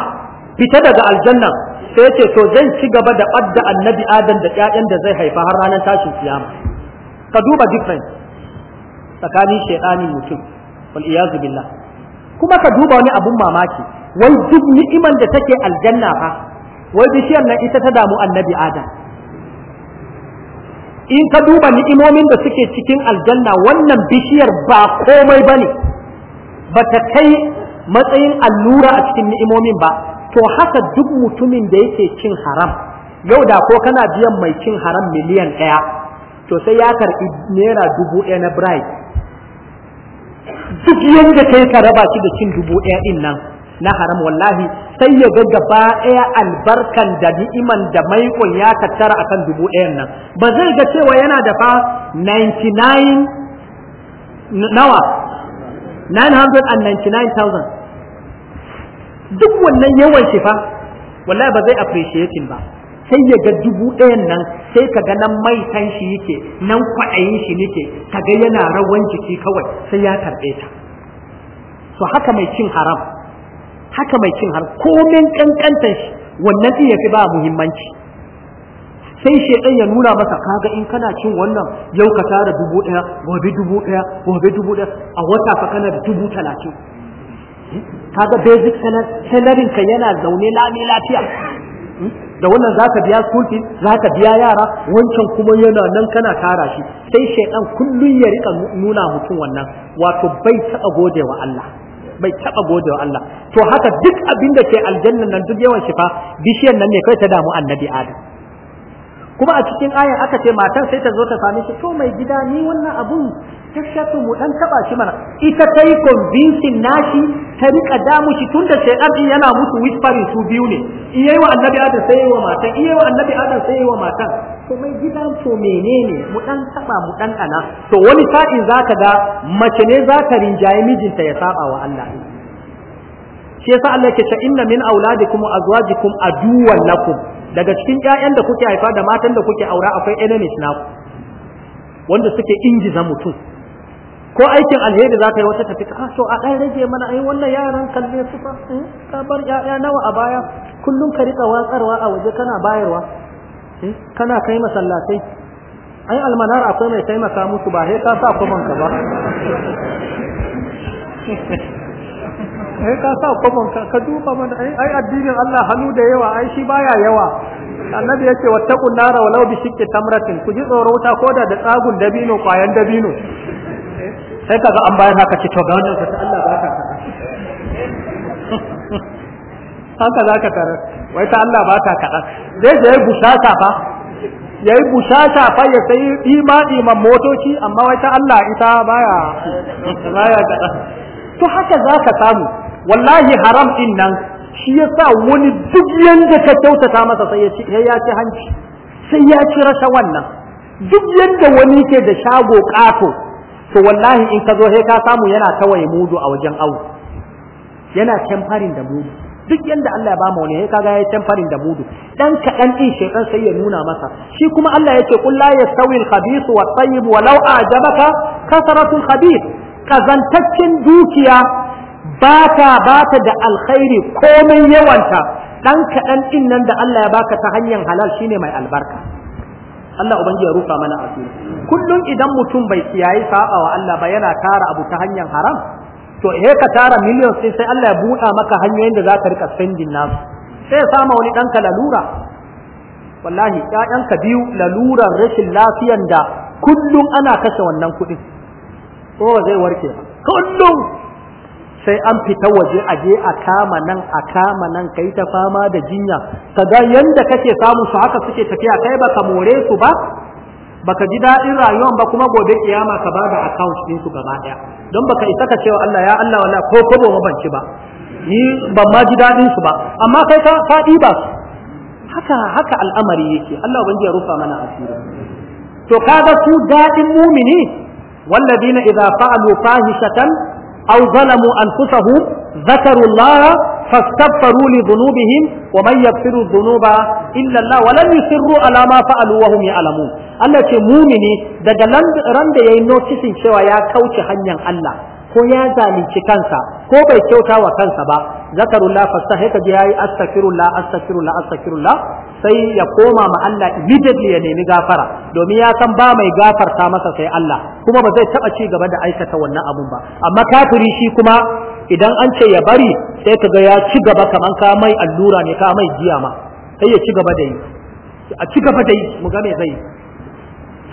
[SPEAKER 1] fita daga aljanna sai yace to zan ci gaba da adda annabi adam da ƴaƴan da zai haifa har ranar tashin kiyama ka duba difference tsakanin shaidani mutum wal billah kuma ka duba wani abun mamaki wai duk ni'imar da take aljanna fa wai bishiyar na ita ta damu annabi adam in ka duba ni'imomin da suke cikin aljanna wannan bishiyar ba komai bane ba ta kai matsayin allura a cikin ni'imomin ba to haka duk mutumin da yake cin haram yau da ko kana biyan mai cin haram miliyan ɗaya to sai ya karɓi naira dubu ɗaya na bribe duk yadda kai ka raba shi da cin dubu ɗaya ɗin nan na haram wallahi sai ya ga gaba ɗaya albarkan da ni'iman da maikon ya tattara akan dubu ɗayan nan ba zai ga cewa yana da fa 99 nawa 999,000 duk wannan yawan shi fa wallahi ba zai appreciating ba sai ya ga dubu ɗayan nan sai ka ga nan mai san shi yake nan kwaɗayin shi yake ka ga yana rawan jiki kawai sai ya karɓe ta so haka mai cin haram haka mai cin haram komen kankantar shi wannan ɗin yafi ba muhimmanci sai ɗan ya nuna masa kaga in kana cin wannan yau ka tara dubu ɗaya gobe dubu ɗaya gobe dubu ɗaya a wata fa kana da dubu talatin hmm? kaga basic salarin yana zaune lami lafiya Hmm? da wannan zaka biya school fees zaka biya yara wancan kuma yana nan kana tara shi sai shaidan kullun ya rika nuna mutum wannan wato bai taba gode wa Allah bai taba gode wa Allah to haka duk abin da ke aljanna nan duk yawan shi fa bishiyar nan ne kai ta damu annabi Adam kuma a cikin ayan aka ce matan sai ta zo ta sami shi to mai gida ni wannan abun shashatu mu dan taba shi mana ita ta yi convincing nashi ta rika damu shi tunda abin yana musu whispering su biyu ne iyayi wa annabi adam sai wa matan iyayi wa annabi adam sai wa matan to mai gidan to menene mu dan taba mu dan kana to wani sa'in zaka ga mace ne zaka rinjaye mijinta ya saba wa Allah shi yasa Allah yake cewa inna min auladikum wa azwajikum aduwwan lakum daga cikin ƴaƴan da kuke haifa da matan da kuke aura akwai enemies naku wanda suke ingiza mutum ko aikin alheri za ka yi wata tafi ka. Ah, to a ɗan rage mana ai wannan yaran kalle su fa eh, ka bar ƴaƴa nawa a baya kullum ka rika watsarwa a waje kana bayarwa eh, kana kai masallatai ai almanar akwai mai taimaka musu ba sai ka sa kwabon ka ba sai ka sa kwabon ka ka duba mana ai addinin Allah hannu da yawa ai shi baya yawa annabi yake wattaqun nara walau bi shiqqi tamratin ku ji tsoro ta koda da tsagun dabino kwayan dabino
[SPEAKER 3] sai ga an bayar haka ce to ga wannan ta
[SPEAKER 1] Allah baka ka haka ka tarar wai ta Allah baka ka zai je bushasha fa yi bushasha fa ya sai dima diman motoci amma wai ta Allah ita baya baya ka to haka za ka samu wallahi haram din nan shi ya sa wani duk yanda ka kyautata masa sai ya ci hanci sai ya ci rasa wannan duk yadda wani ke da shago ƙato to wallahi in ka zo he ka samu yana tawaye mudu a wajen awu yana temfarin da mudu duk yanda Allah ya ba mu ne he kaga yayi temfarin da mudu dan kadan din shaytan sai ya nuna masa shi kuma Allah yake kul la yastawi al khabith wa tayyib wa law ajabaka kasratu al khabith kazantaccen dukiya bata bata da alkhairi komai yawanta dan kadan din nan da Allah ya baka ta hanyar halal shine mai albarka Allah ubangi ya rufa mana asiri kullum idan mutum bai kiyaye saba wa Allah ba yana tara abu ta hanyar haram to eh ka tara miliyan sai sai Allah ya buɗa maka hanyoyin da za ka rika spending nasu sai ya sama wani ɗanka lalura wallahi ka biyu lalurar rashin lafiyan da kullum ana kashe wannan kuɗin ko zai warke ba kullum sai an fita waje a je a kama nan a kama nan kai ta fama da jinya kaga yanda kake samu su haka suke tafiya kai baka more su ba baka ji daɗin rayuwan ba kuma gobe kiyama ka bada account din su gaba daya don baka isa ka cewa Allah ya Allah wala ko kobo ma ban ci ba ni ban ma ji daɗin su ba amma kai ka ka ba haka haka al'amari yake Allah ubangiji ya rufa mana asiri to kaga su daɗin mumini والذين إذا فعلوا فاحشة أو ظلموا أنفسهم ذكروا الله فاستغفروا لذنوبهم ومن يغفر الذنوب إلا الله ولم يصروا على ما فعلوا وهم يعلمون Allah ce mumini daga ran da ya yi notisin cewa ya kauce hanyar Allah ko ya zalunci kansa ko bai kyauta wa kansa ba zakarullah fastahi ka ji yayi astaghfirullah astaghfirullah astaghfirullah sai ya koma ma Allah immediately ya nemi gafara domin ya san ba mai gafarta masa sai Allah kuma ba zai taba ci gaba da aikata wannan abun ba amma kafiri shi kuma idan an ce ya bari sai ka ga ya ci gaba kaman ka mai allura ne ka mai jiya ma sai ya ci gaba da yi a ci gaba da yi mu ga me zai yi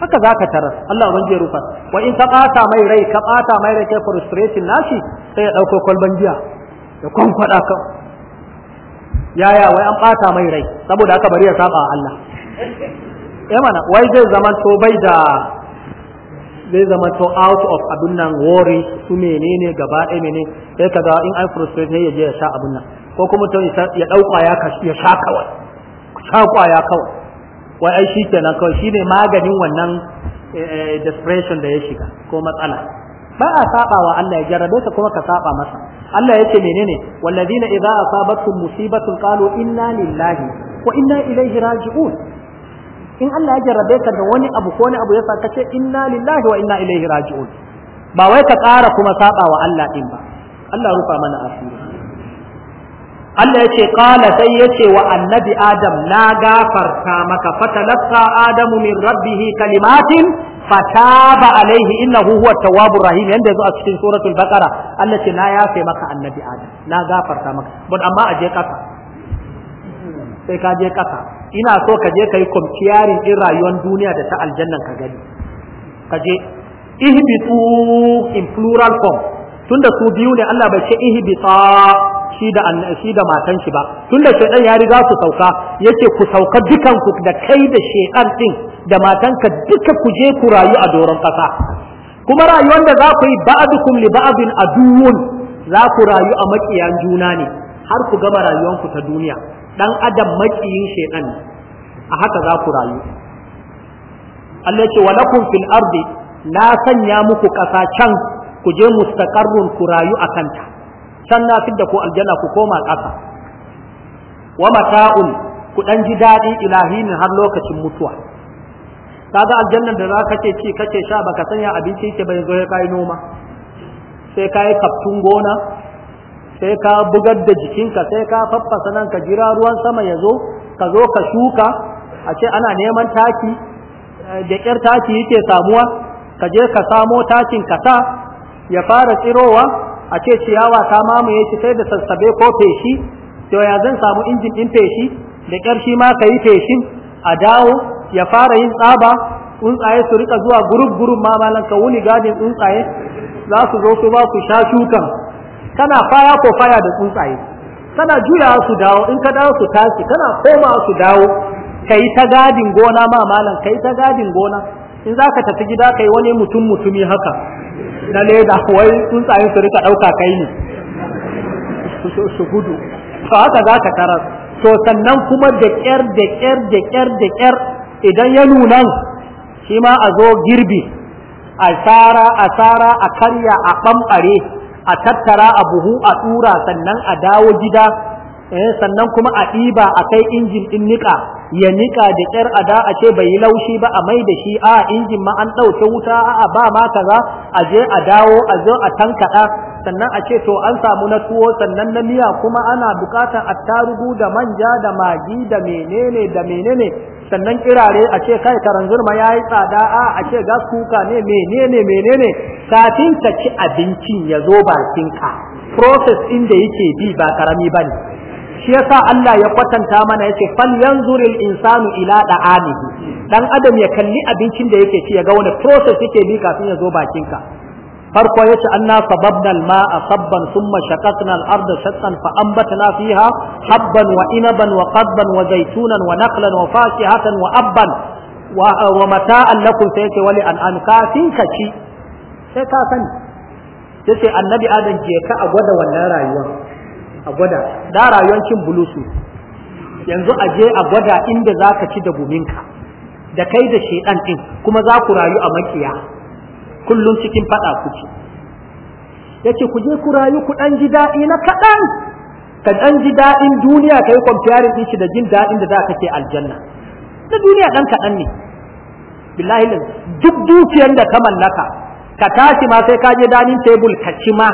[SPEAKER 1] haka zaka tarar Allah ban jiya rufa wa in ka bata mai rai ka bata mai rai kai frustration nashi sai ya dauko kwalban da ya fada ka yaya wai an bata mai rai saboda haka bari ya saba Allah eh mana wai zai zaman to bai da zai zama to out of abin nan worry su menene gaba ɗaya menene sai kaga in ai frustration ne ya je ya sha abin nan ko kuma to ya ya kwaya ya sha kawai sha kwaya kawai wai ai shi kenan kawai ne maganin wannan eh, eh, depression da ya shiga ko matsala ba a saba wa Allah ya jarrabe ka kuma ka saba masa Allah ya ce menene walladina idza asabatkum musibatun qalu inna lillahi wa inna ilaihi raji'un in Allah ya jarrabe ka da wani abu ko wani abu ya sa ka ce inna lillahi wa inna ilaihi raji'un ba wai ka ƙara kuma saba wa Allah din ba Allah rufa mana asiri Allah ya ce ƙala sai ya ce wa annabi Adam na gafarta maka fatalasta Adamu min rabbihi kalimatin fataba alaihi innahu huwa tawwabur rahim yanda yazo a cikin suratul baqara Allah ce na yafe maka annabi Adam na gafarta maka but amma a je kasa sai ka je kasa ina so ka je kai comparing din rayuwar duniya da ta aljannan ka gani ka je ihbitu in plural form tunda su biyu ne Allah bai ce ihbita shi da shi da matan shi ba tunda shedan ya riga su sauka yace ku sauka dukan ku da kai da shedan din da matanka duka ku je ku rayu a doron kasa kuma rayuwar da za ku yi ba'dukum li ba'din aduwun za ku rayu a makiyan juna ne har ku gama ku ta duniya dan adam makiyin shedan ne a haka za ku rayu Allah ya ce wa fil ardi na sanya muku kasa can ku je mustaqarrun ku rayu akan kanta San na da ko aljanna ku koma ƙasa wa mata'un ku dan ji daɗi ne har lokacin mutuwa kaga aljannan da za kake ci kake sha baka sanya abinci yake bai zo ya kai noma sai ka yi kaftun gona sai ka bugar da jikinka sai ka faffasa nan ka jira ruwan sama ya zo ka zo ka shuka a ce ana neman taki eh, da ƙyar taki yake samuwa ka je ka samo takin ka sa ya fara tsirowa a ce ciyawa ta mamaye shi sai da sassabe ko feshi to ya zan samu injin din feshi da ƙarshi ma ka yi feshin a dawo ya fara yin tsaba tsuntsaye su rika zuwa gurub gurub ma malan ka wuni gadin tsuntsaye za su zo su ba ku sha shukan kana faya ko faya da tsuntsaye kana juya su dawo in ka dawo su tashi kana koma su dawo kai ta gadin gona ma malan kai ta gadin gona in zaka tafi gida kai wani mutum mutumi haka na leda wai tsuntsaye su rika ɗauka kai ne su gudu to haka za ka tarar to sannan kuma da ƙyar da ƙyar da ƙyar da ƙyar idan ya nunan shi ma a zo girbi a tsara a tsara a karya a ɓamɓare a tattara a buhu a tura sannan a dawo gida eh sannan kuma a ɗiba a kai injin ɗin niƙa ya niƙa da ƙyar ada a ce bai yi laushi ba a mai da shi a injin ma an ɗauke wuta a ba ma kaza a je a dawo a zo a tankaɗa sannan a ce to an samu na tuwo sannan na miya kuma ana buƙatar attarugu da manja da magi da menene da menene sannan kirare a ce kai karanzur ma yayi tsada a a ce gas kuka ne menene menene kafin ka ci abincin ya zo bakinka process ɗin da yake bi ba karami bane shi yasa Allah ya kwatanta mana yace fal yanzuril insanu ila da'amihi dan adam ya kalli abincin da yake ci ya ga wani process yake bi kafin ya zo bakin ka farko yace anna sababna al-ma'a sabban thumma shaqaqna al-arda shaqqan fa anbatna fiha habban wa inaban wa qadban wa zaytunan wa naqlan wa fakihatan wa abban wa mata'an lakum sai yace wali an kafin ka ci sai ka sani yace annabi adam je ka a gwada wannan rayuwar a gwada da rayuwancin bulusu yanzu a je a gwada inda za ka ci da guminka da kai da shaidan ɗin kuma za ku rayu a makiya kullum cikin faɗa ku ci ya ce ku je ku rayu ku ɗan ji daɗi na kaɗan ka ɗan ji daɗin duniya ka yi kwamfiyarin ɗin shi da jin daɗin da za ka ke aljanna na duniya ɗan kaɗan ne billahi duk dukiyar da ta mallaka ka tashi ma sai ka je daɗin tebul ka ci ma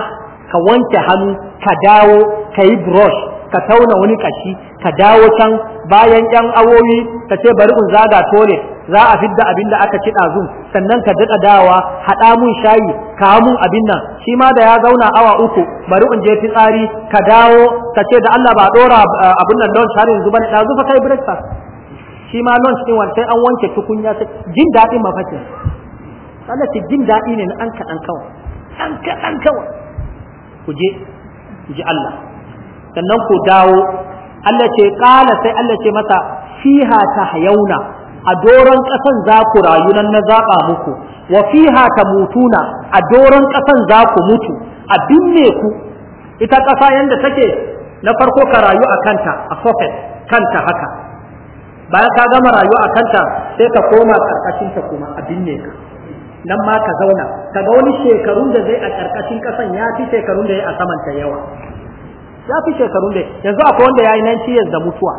[SPEAKER 1] ka wanke hannu ka dawo ka yi brush ka tauna wani kashi ka dawo can bayan yan awowi ka ce bari in zaga tole za a fidda abin da aka ci ɗazu sannan ka daɗa dawa haɗa mun shayi ka mun abin nan shi ma da ya zauna awa uku bari in je fitsari ka dawo ka ce da Allah ba ɗora eh, abin nan don har yanzu bane ɗazu fa kai breakfast shi ma lunch ɗin wani sai an wanke tukunya sai jin daɗin mafakin Allah ce jin daɗi ne na an kaɗan kawai an kaɗan kawai ku je ku ji Allah sannan ku dawo Allah ce kala sai Allah ce masa fiha ta hayauna a doron ƙasan za ku rayu nan na zaɓa muku wa fiha ta mutuna a doron ƙasan za ku mutu a binne ku ita ƙasa yanda take na farko ka rayu a kanta a sofet kanta haka bayan ka gama rayu a kanta sai ka koma ƙarƙashin ta kuma a binne ka nan ma ka zauna ka ga wani shekarun da zai a ƙarƙashin ƙasan ya fi shekarun da ya a saman ta yawa ya fi shekarun da yanzu akwai wanda ya yi nan years da mutuwa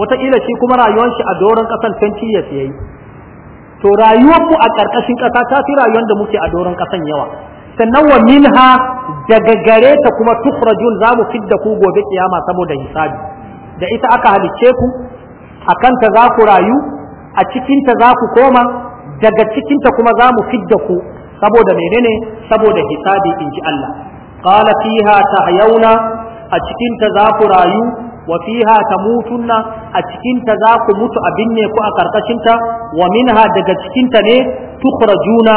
[SPEAKER 1] wataƙila shi kuma rayuwan shi a doron ƙasar 20 years ya yi to rayuwar mu a ƙarƙashin ƙasa ta fi rayuwar da muke a doron ƙasan yawa sannan wa minha daga gare ta kuma tukhrajun za mu fidda ku gobe kiyama saboda hisabi da ita aka halicce ku a kanta za ku rayu a cikinta za ku koma daga cikinta kuma za mu fidda ku saboda menene saboda hisabi in ji Allah qala fiha tahyauna a cikin za ku rayu wa fiha tamutunna a cikin za ku mutu a binne ku a karkashin ta wa minha daga cikinta ta ne tukhrajuna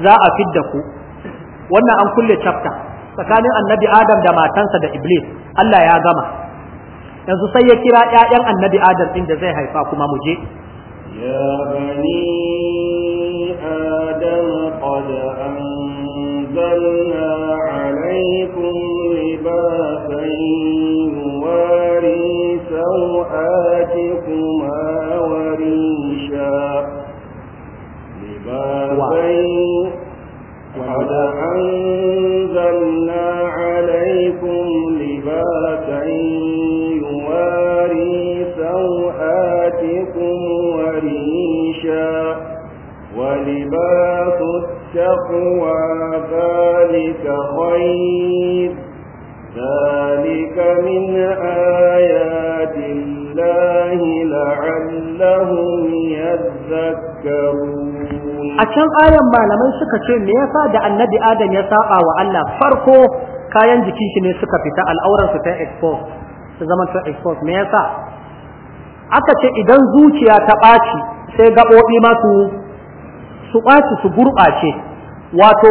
[SPEAKER 1] za a fidda ku wannan an kulle chapter tsakanin annabi adam da matansa da iblis Allah ya gama yanzu sai ya kira 'ya'yan annabi adam ɗin da zai haifa kuma mu je
[SPEAKER 2] ya bani adam qad an نزلنا عليكم لباسا يواري سوآتكما وريشا لباسا قد أنزلنا عليكم لباسا يواري سوآتكم وريشا ولباسا التقوى ذلك خير ذلك من آيات الله لعلهم يذكرون a can
[SPEAKER 1] ayan malaman suka ce me yasa da annabi adam ya saba wa Allah farko kayan jikin shi ne suka fita al'auran su ta expose su zama ta expose me yasa aka ce idan zuciya ta ɓaci sai gaɓoɓi masu su ɓaci su gurɓace wato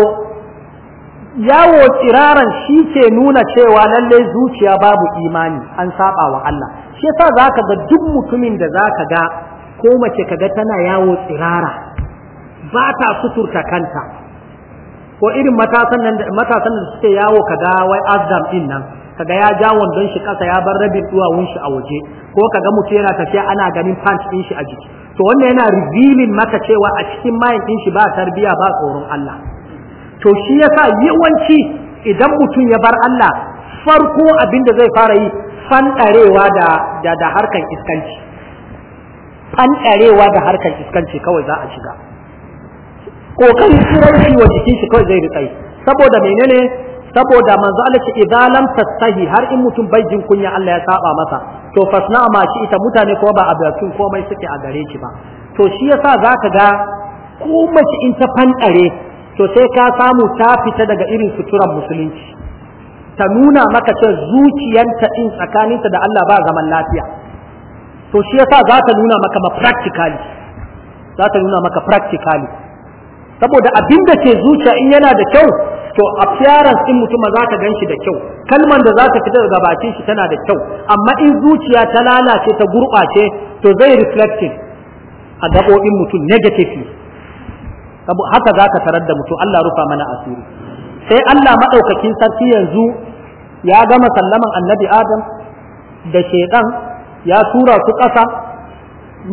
[SPEAKER 1] yawo tsiraran shi ke nuna cewa lallai zuciya babu imani an saba wa Allah shi yasa zaka ga duk mutumin da zaka ga ko mace kaga tana yawo tsirara ba ta suturta kanta ko irin matasan nan matasan da suke yawo kaga wai azam din nan ga ya ja wandon shi kasa ya bar rabin duwawun shi a waje ko kaga mutum yana tafiya ana ganin pants ɗin shi a jiki to wannan yana revealing maka cewa a cikin mayin shi ba tarbiya ba tsoron Allah to shi yasa yawanci idan mutum ya bar Allah farko abin da zai fara yi fanɗarewa da harkar da iskanci fanɗarewa da harkan iskanci kawai za a shiga kokarin wa jikin shi kawai zai rika yi saboda menene saboda manzo Allah ce idza lam har in mutum bai jin kunya Allah ya saba masa to fasna ma shi ita mutane ko ba abatun komai suke a gare ba to shi yasa zaka ga ko mace in ta fanɗare to sai ka samu ta fita daga irin suturan musulunci ta nuna maka ta zuciyanta in tsakaninta da Allah ba zaman lafiya to shi yasa za ta nuna maka ma practically za ta nuna maka practically saboda abin da ke zuciya in yana da kyau to appearance din mutum za ka gan shi da kyau kalman da za ta fita daga bakin shi tana da kyau amma in zuciya ta lalace ta gurɓace to zai reflecting a gaɓoɓin mutum negatively haka za ka tarar da mutum Allah rufa mana asiri sai Allah maɗaukakin sarki yanzu ya gama sallaman annabi Adam da shaiɗan ya tura su ƙasa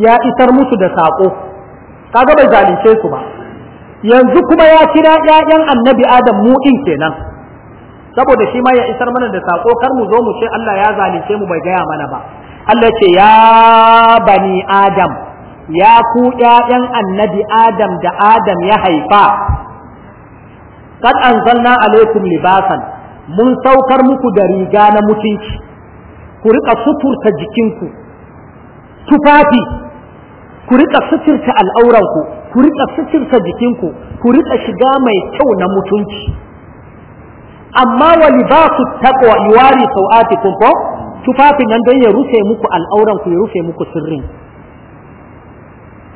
[SPEAKER 1] ya isar musu da saƙo kaga bai zalunce su ba yanzu kuma ya kira ƴaƴan annabi adam mu in kenan saboda shi ma ya isar mana da sako kar mu zo mu ce Allah ya zalunce mu bai gaya mana ba Allah ce ya bani adam ya ku ƴaƴan annabi adam da adam ya haifa kad zanna alaikum libasan mun saukar muku da riga na mutunci ku rika suturta jikinku tufafi ku rika suturta al'auranku ku rika suturta jikinku ku rika shiga mai kyau na mutunci amma wa libasu taqwa yuwari sau'atikum ko tufafin nan don ya rufe muku al'auranku ya rufe muku sirrin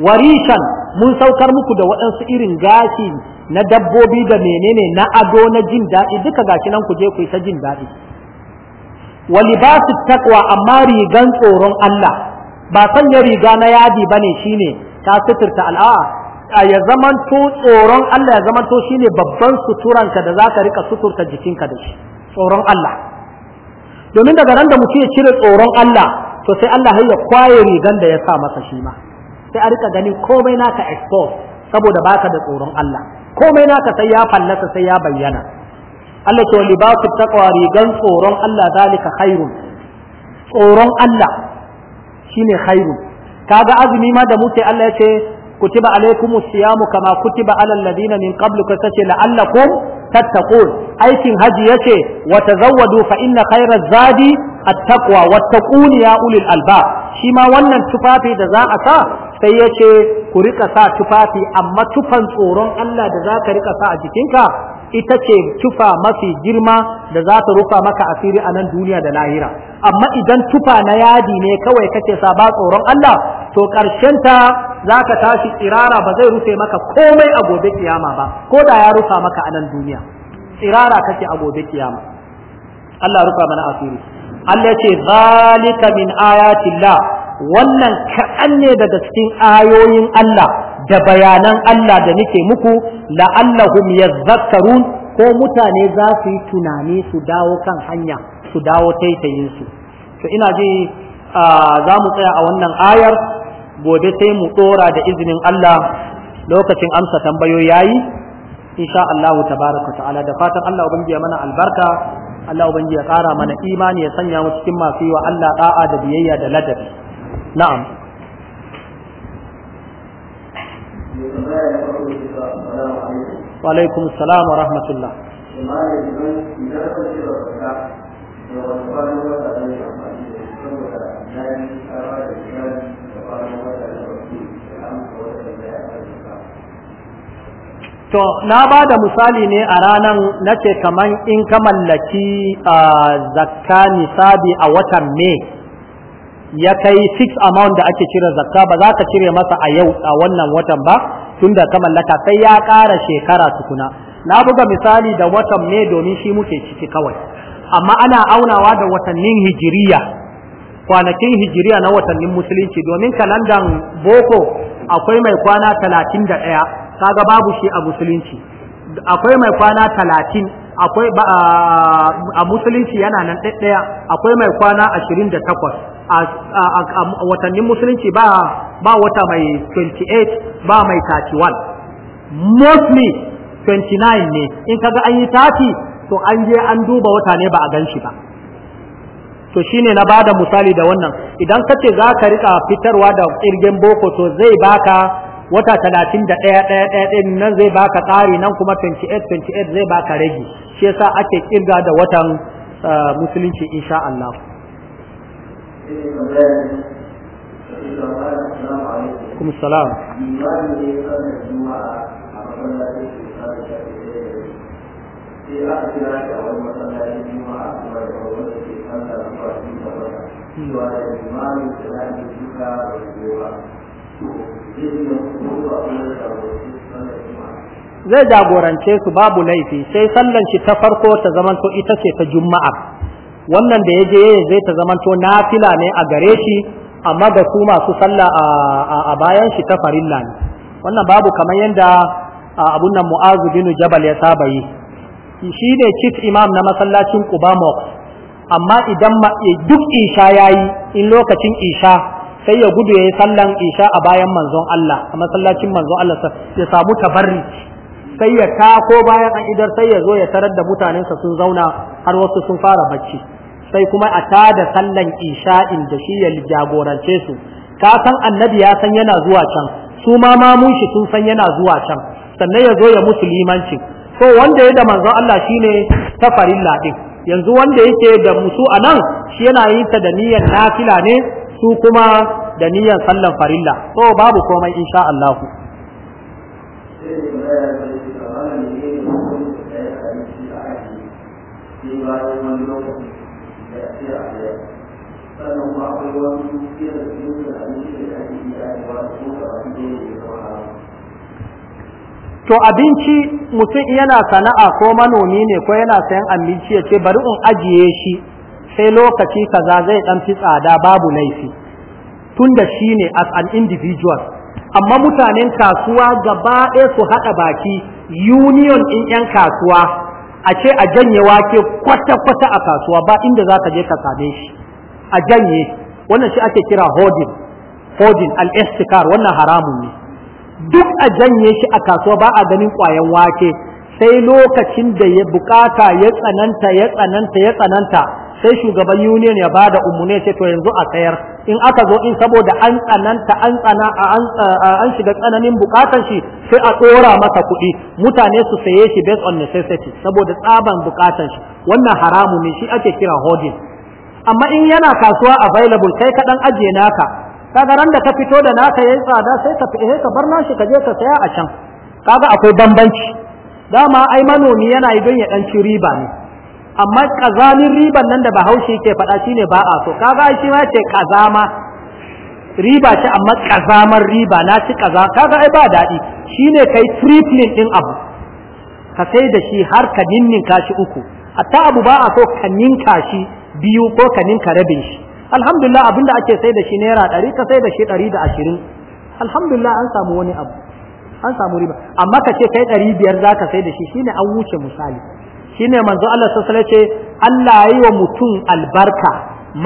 [SPEAKER 1] warishan mun saukar muku da waɗansu irin gashi na dabbobi da menene na ado na jin daɗi duka gashi nan ku je ku yi ta jin daɗi wa libasu taqwa amma rigan tsoron Allah ba sanya riga na yadi ba bane shine ta suturta al'a a ya zamanto tsoron Allah ya zamanto shine babban suturanka da za ka rika suturta jikinka da shi tsoron Allah domin daga ran da mutum ya cire tsoron Allah to sai Allah ya kwaye rigan da ya sa masa shi ma sai a rika gani komai naka expose saboda baka da tsoron Allah komai naka sai ya fallasa sai ya bayyana Allah ce libasu taqwa rigan tsoron Allah zalika khairun tsoron Allah shine khairu kaga azumi ma da mutai Allah ya ce kutiba alaikumus mu kama kutiba alal ladina min ka sace la'allakum tattaqun aikin haji yace wa tazawwadu fa inna khayra zadi at-taqwa wattaquni ya ulil alba. shi ma wannan tufafi da za a sa sai yace ku rika sa tufafi amma tufan tsoron Allah da za ka rika sa a jikinka ita ce tufa mafi girma da za ta rufa maka asiri a nan duniya da lahira amma idan tufa na yadi ne kawai kake sa ba tsoron Allah to ta za ka tashi tsirara ba zai rufe maka komai a gobe kiyama ba ko da ya rufa maka a nan duniya tsirara kake a gobe kiyama Allah rufa mana asiri Allah ya ce zalika min ayatillah wannan kaɗan ne daga cikin ayoyin Allah da bayanan Allah da nake muku la'allahum yadhakkarun ko mutane za su yi tunani su dawo kan hanya su dawo taitayin su to ina ji za mu tsaya a wannan ayar gobe sai mu tsora da izinin Allah lokacin amsa tambayoyi yayi insha Allah tabaraka ta'ala da fatan Allah ubangiji mana albarka Allah ubangiji ya kara mana imani ya sanya mu cikin masu yi wa Allah da'a da biyayya da ladabi na'am وعليكم السلام ورحمة الله To, na ba da misali ne a ranan na ce kaman in ka mallaki a zakka nisabi a watan Mai ya kai six amount da ake cire zakka ba za ka cire masa a yau a wannan watan ba, tunda ka mallaka sai ya ƙara shekara tukuna na buga misali da watan ne domin shi muke ciki kawai amma ana aunawa da watannin hijiriya kwanakin hijiriya na watannin musulunci domin kalandan boko akwai mai kwana talatin da ɗaya kaga babu shi a musulunci akwai mai kwana talatin akwai a musulunci yana nan ɗaya akwai mai kwana ashirin da takwas a watannin musulunci ba ba wata mai 28 ba mai 31 mostly 29 ne in kaga an yi 30 to an je an duba wata ne ba a gan shi ba to shine na bada misali da wannan idan ka ce za ka rika fitarwa da kirgin boko to zai baka wata 31 ɗaya ɗaya nan zai baka tsari nan kuma 28 28 zai baka rage shi yasa ake kirga da watan eh, musulunci insha Allah السلام Zai jagorance su babu laifi sai sallan shi ta farko ta zamanto ita ce ta juma'a wannan da ya je zai ta zamanto nafila ne a gare shi amma da su masu sallah a bayan shi ta farilla ne wannan babu kamar yadda abun nan mu'azu bin jabal ya saba yi shi ne chief imam na masallacin quba amma idan eh, duk isha yayi in lokacin isha sai ya gudu yayi sallan isha a bayan manzon Allah a masallacin manzon Allah ya samu tabarri sai ya tako bayan an idar sai ya zo ya tarar da mutanensa sun zauna har wasu sun fara bacci sai kuma a tada sallan isha'in da shi ya jagorance su ka san annabi ya san yana zuwa can su ma mamun sun san yana zuwa can sannan ya zo ya musulmanci so wanda ya da manzo Allah shine ta farilla din yanzu wanda yake da musu a nan shi yana yi ta da niyyar nafila ne su kuma da niyyar sallan farilla so babu komai insha Allah
[SPEAKER 3] Thank wani
[SPEAKER 1] To abinci mutum yana sana'a ko manomi ne ko yana sayan abinci ya ce bari in ajiye shi sai lokaci kaza zai dan fi tsada babu laifi tun da shi ne as an individual amma mutanen kasuwa gaba ɗaya su haɗa baki union in 'yan kasuwa a ce a janye wake kwata-kwata a kasuwa ba inda za ka je ka same shi a janye wannan shi ake kira hodin hodin al-ihtikar wannan haramun ne duk a janye shi a kasuwa ba a ganin kwayan wake sai lokacin da ya bukata ya tsananta ya tsananta ya tsananta sai shugaban union ya bada umune ce to yanzu a sayar in aka zo in saboda an tsananta an tsana an shiga tsananin bukatar shi sai a tsora masa kuɗi mutane su saye shi based on necessity saboda tsaban bukatar shi wannan haramu ne shi ake kira holding amma in yana kasuwa available kai kaɗan ajiye naka kaga ran da ka fito da naka yayi tsada sai ka fihe eh, ka bar nashi ka je ka saya a can kaga akwai bambanci dama ai manomi yana yi don ya dan ci riba ne amma kazamin riban nan da bahaushe ke faɗa shine ba a so kaga shi ma yace kazama riba ce amma kazamar riba na ci kaza kaga ai ba daɗi shine kai tripling din abu ka sai da shi har ka ninninka shi uku hatta abu ba a so ka ninka shi biyu ko ka ninka rabin shi alhamdulillah da ake sai da shi naira ɗari ka sai da shi ɗari da ashirin alhamdulillah an samu wani abu an samu riba amma ka ce kai ɗari biyar za ka sai da shi shine an wuce misali shine manzo Allah sassale ce Allah ya yi wa mutum albarka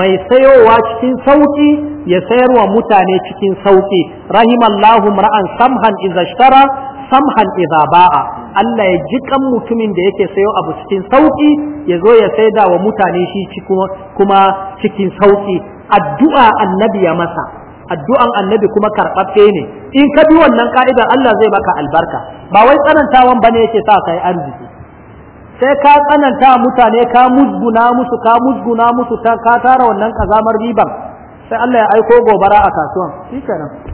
[SPEAKER 1] mai sayowa cikin sauki ya sayar wa mutane cikin sauki rahimallahu mar'an samhan idza ishtara samhan idza ba'a Allah ya ji kan mutumin da yake sayo abu cikin sauki ya zo ya saida wa mutane shi kuma cikin sauki addu'a annabi ya masa addu'an annabi kuma karɓaɓɓe ne in ka bi wannan ka'ida Allah zai baka albarka ba wai tsanantawan bane yake sa ka yi arziki sai ka tsananta mutane ka musguna musu ka musguna musu ka tara wannan kazamar riban sai Allah ya aiko gobara a kasuwan